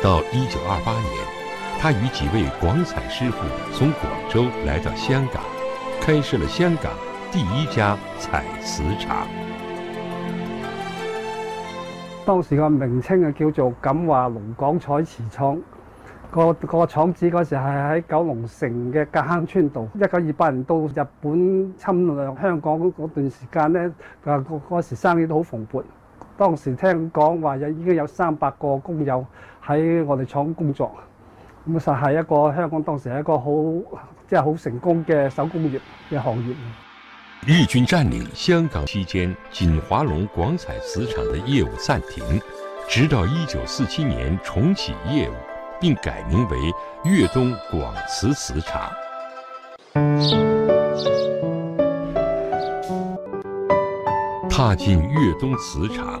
到一九二八年，他與幾位廣彩師傅從廣州來到香港，開設了香港第一家彩瓷廠。當時個名稱啊叫做錦華龍港彩瓷廠。嗰個、嗰個廠址嗰時係喺九龍城嘅隔坑村度。一九二八年到日本侵略香港嗰段時間呢，啊嗰時生意都好蓬勃。當時聽講話有已經有三百個工友喺我哋廠工作，咁實係一個香港當時一個好即係好成功嘅手工業嘅行業。日軍佔領香港期間，錦華隆廣彩瓷廠嘅業務暫停，直到一九四七年重啟業務，並改名為粵東廣瓷瓷廠。踏進粵東瓷廠，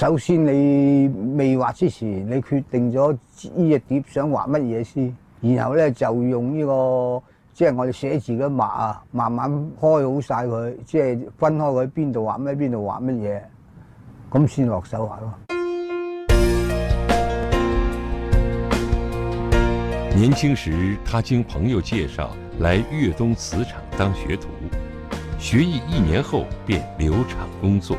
首先你未畫之前，你決定咗呢隻碟想畫乜嘢先，然後咧就用呢、這個即係、就是、我哋寫字嘅墨啊，慢慢開好晒佢，即、就、係、是、分開佢邊度畫咩，邊度畫乜嘢，咁先落手畫咯。年輕時，他經朋友介紹來粵東瓷廠當學徒，學藝一年後便留廠工作。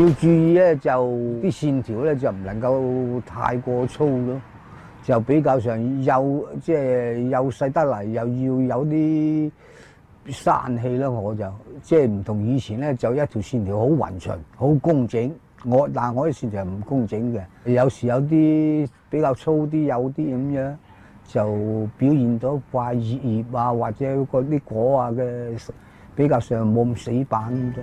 要注意咧，就啲線條咧就唔能夠太過粗咯，就比較上幼，即係幼細得嚟，又要有啲生氣咯。我就即係唔同以前咧，就一條線條好勻順，好工整。我但我啲線條係唔工整嘅，有時有啲比較粗啲，有啲咁樣就表現到塊葉葉啊，或者嗰啲果啊嘅比較上冇咁死板咁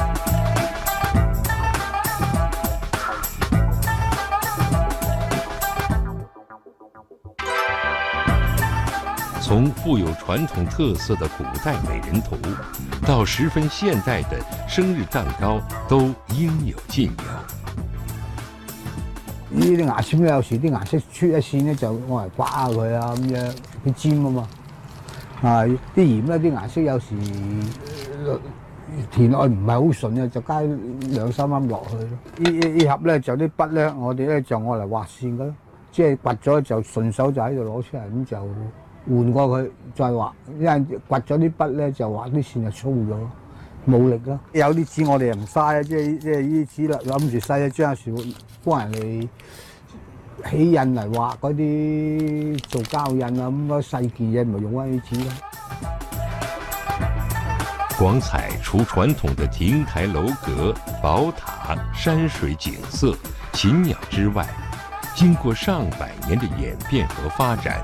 從富有傳統特色的古代美人圖，到十分現代的生日蛋糕，都應有盡有。呢啲牙籤咧，有時啲顏色出一線咧，就我嚟刮下佢啊，咁樣佢尖啊嘛。啊，啲鹽咧，啲顏色有時填落去唔係好順啊，就加兩三粒落去咯。盒呢呢呢盒咧就啲筆咧，我哋咧就我嚟劃線噶咯，即係拔咗就順手就喺度攞出嚟咁就。換過佢再畫，因掘咗啲筆咧就畫啲線就粗咗，冇力咯。有啲紙我哋又唔嘥，即係即係呢啲紙啦，諗住嘥一張啊，樹幫人哋起印嚟畫嗰啲做膠印啊，咁嗰細件嘢咪用返嗰啲紙咯。廣彩除傳統的亭台樓閣、寶塔、山水景色、禽鳥之外，經過上百年的演變和發展。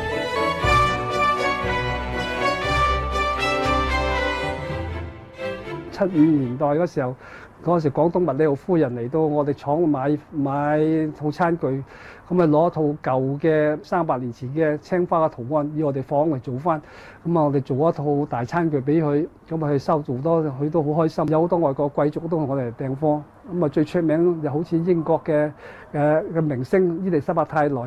七五年代嗰時候，嗰時廣東麥理浩夫人嚟到我哋廠買買，買套餐具，咁咪攞一套舊嘅三百年前嘅青花嘅圖案，以我哋仿嚟做返，咁、嗯、啊我哋做一套大餐具俾佢，咁啊佢收做多，佢都好開心。有好多外國貴族都同我哋訂貨，咁、嗯、啊最出名就好似英國嘅嘅嘅明星伊麗莎白太來。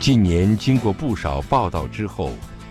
近年經過不少報道之後。